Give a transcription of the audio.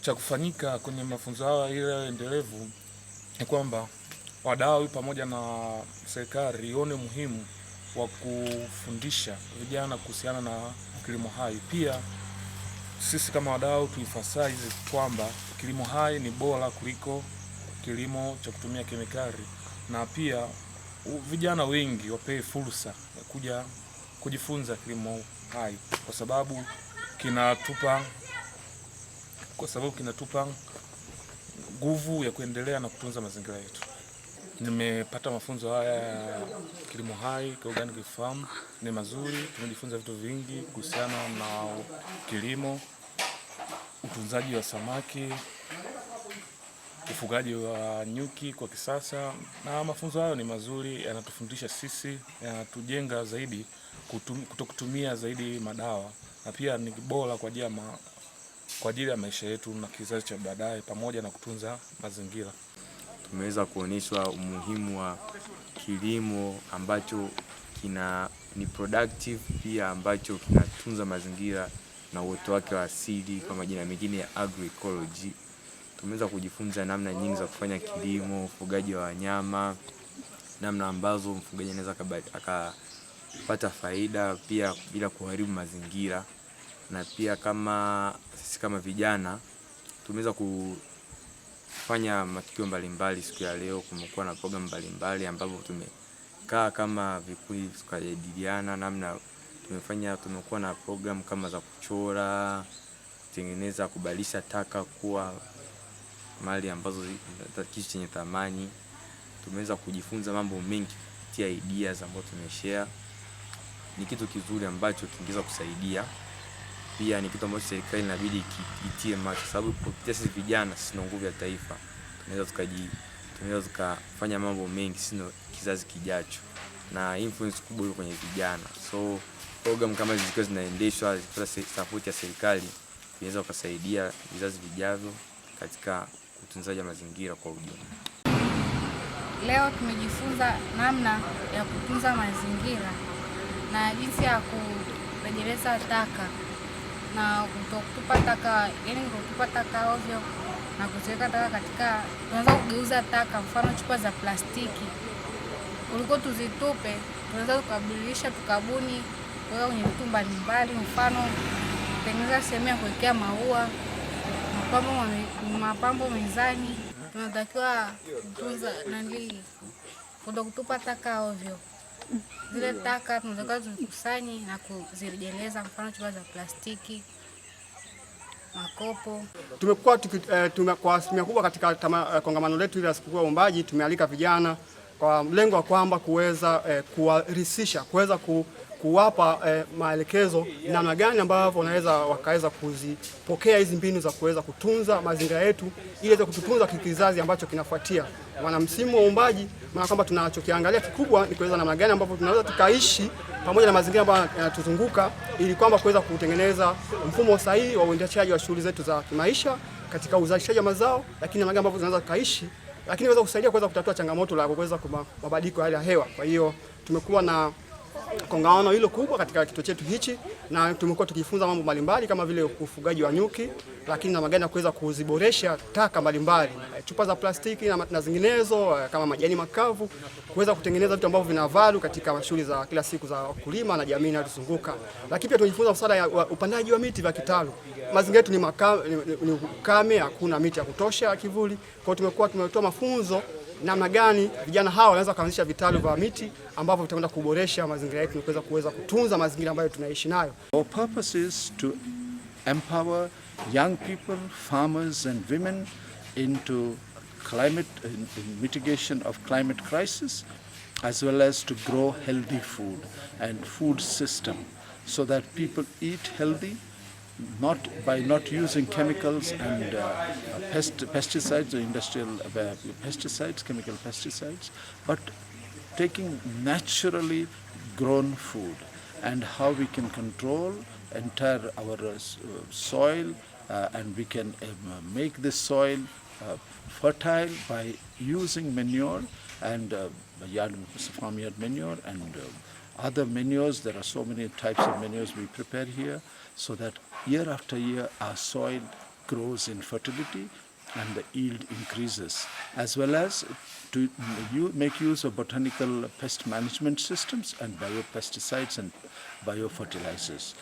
cha kufanyika kwenye mafunzo haya ile endelevu ni kwamba wadau pamoja na serikali ione muhimu wa kufundisha vijana kuhusiana na kilimo hai. Pia sisi kama wadau tuemphasize kwamba kilimo hai ni bora kuliko kilimo cha kutumia kemikali, na pia vijana wengi wapewe fursa ya kuja kujifunza kilimo hai kwa sababu kinatupa kwa sababu kinatupa nguvu ya kuendelea na kutunza mazingira yetu. Nimepata mafunzo haya ya kilimo hai kwa organic farm, ni mazuri. Tumejifunza vitu vingi kuhusiana na kilimo, utunzaji wa samaki, ufugaji wa nyuki kwa kisasa, na mafunzo hayo ni mazuri, yanatufundisha sisi, yanatujenga zaidi kutokutumia zaidi madawa, na pia ni bora kwa ajili ya kwa ajili ya maisha yetu na kizazi cha baadaye, pamoja na kutunza mazingira. Tumeweza kuonyeshwa umuhimu wa kilimo ambacho kina ni productive pia ambacho kinatunza mazingira na uoto wake wa asili kwa majina mengine ya agroecology. Tumeweza kujifunza namna nyingi za kufanya kilimo, ufugaji wa wanyama, namna ambazo mfugaji anaweza akapata faida pia bila kuharibu mazingira na pia kama sisi kama vijana tumeweza kufanya matukio mbalimbali siku ya leo. Kumekuwa na programu mbalimbali ambapo tumekaa kama vikundi tukajadiliana namna tumefanya. Tumekuwa na programu kama za kuchora, kutengeneza, kubadilisha taka kuwa mali ambazo kitu chenye thamani. Tumeweza kujifunza mambo mengi kupitia ideas ambazo tumeshare. Ni kitu kizuri ambacho kingeweza kusaidia pia ni kitu ambacho serikali inabidi itie macho, sababu kupitia sisi vijana sisi ndo nguvu ya taifa. Tunaweza tukaji tunaweza tukafanya mambo mengi, sisi ndo kizazi kijacho, na influence kubwa iko kwenye vijana. So program kama hizi zikiwa zinaendeshwa zikipata support ya serikali, inaweza kusaidia vizazi vijavyo katika utunzaji wa mazingira kwa ujumla. Leo tumejifunza namna ya kutunza mazingira na jinsi ya kurejeleza taka na kutokutupa taka, yani kutokutupa taka ovyo na kuziweka taka katika, tunaweza kugeuza taka, mfano chupa za plastiki kuliko tuzitupe, tunaweza tukabadilisha, tukabuni kuweka kwenye vitu mbalimbali, mfano kutengeneza sehemu ya kuwekea maua, mapambo, mapambo mezani. Tunatakiwa kutunza nani, kutokutupa taka ovyo zile taka tunataka zikusanye na kuzirejeleza, mfano chupa za plastiki, makopo. Tumekuwa eh, kwa asilimia kubwa katika eh, kongamano letu hili la sikukuu ya uumbaji tumealika vijana kwa lengo la kwamba kuweza eh, kuwarisisha kuweza ku kuwapa eh, maelekezo namna gani ambavyo wanaweza wakaweza kuzipokea hizi mbinu za kuweza kutunza mazingira yetu ili za kututunza kizazi ambacho kinafuatia. Wana msimu wa uumbaji, maana kwamba tunachokiangalia kikubwa ni kuweza namna gani ambavyo tunaweza tukaishi pamoja na mazingira ambayo yanatuzunguka ili kwamba kuweza kutengeneza mfumo sahihi wa uendeshaji wa shughuli zetu za kimaisha katika uzalishaji wa mazao, lakini namna gani ambavyo tunaweza tukaishi lakini weza kusaidia kuweza kutatua changamoto la kuweza kwa mabadiliko ya hali ya hewa. Kwa hiyo tumekuwa na kongamano hilo kubwa katika kituo chetu hichi, na tumekuwa tukijifunza mambo mbalimbali kama vile ufugaji wa nyuki, lakini na magani ya kuweza kuziboresha taka mbalimbali, eh, chupa za plastiki na, na zinginezo eh, kama majani makavu, kuweza kutengeneza vitu ambavyo vina value katika shughuli za kila siku za wakulima na jamii inayotuzunguka. Lakini pia tunajifunza masuala ya upandaji wa miti vya kitalu. Mazingira yetu ni ukame, hakuna miti ya kutosha ya kivuli, kwa hiyo tumekuwa tumetoa mafunzo namna gani vijana hawa wanaweza kuanzisha vitalu vya miti ambavyo vitakwenda kuboresha mazingira yetu na kuweza kutunza mazingira ambayo tunaishi nayo. Our purpose is to empower young people, farmers and women into climate in, in mitigation of climate crisis as well as to grow healthy food and food system so that people eat healthy not by not using chemicals and uh, pest, pesticides or industrial uh, pesticides, chemical pesticides, but taking naturally grown food and how we can control entire our uh, uh soil uh, and we can uh, make this soil fertile by using manure and farmyard manure and other manures. There are so many types of manures we prepare here so that year after year our soil grows in fertility and the yield increases as well as to make use of botanical pest management systems and biopesticides and biofertilizers.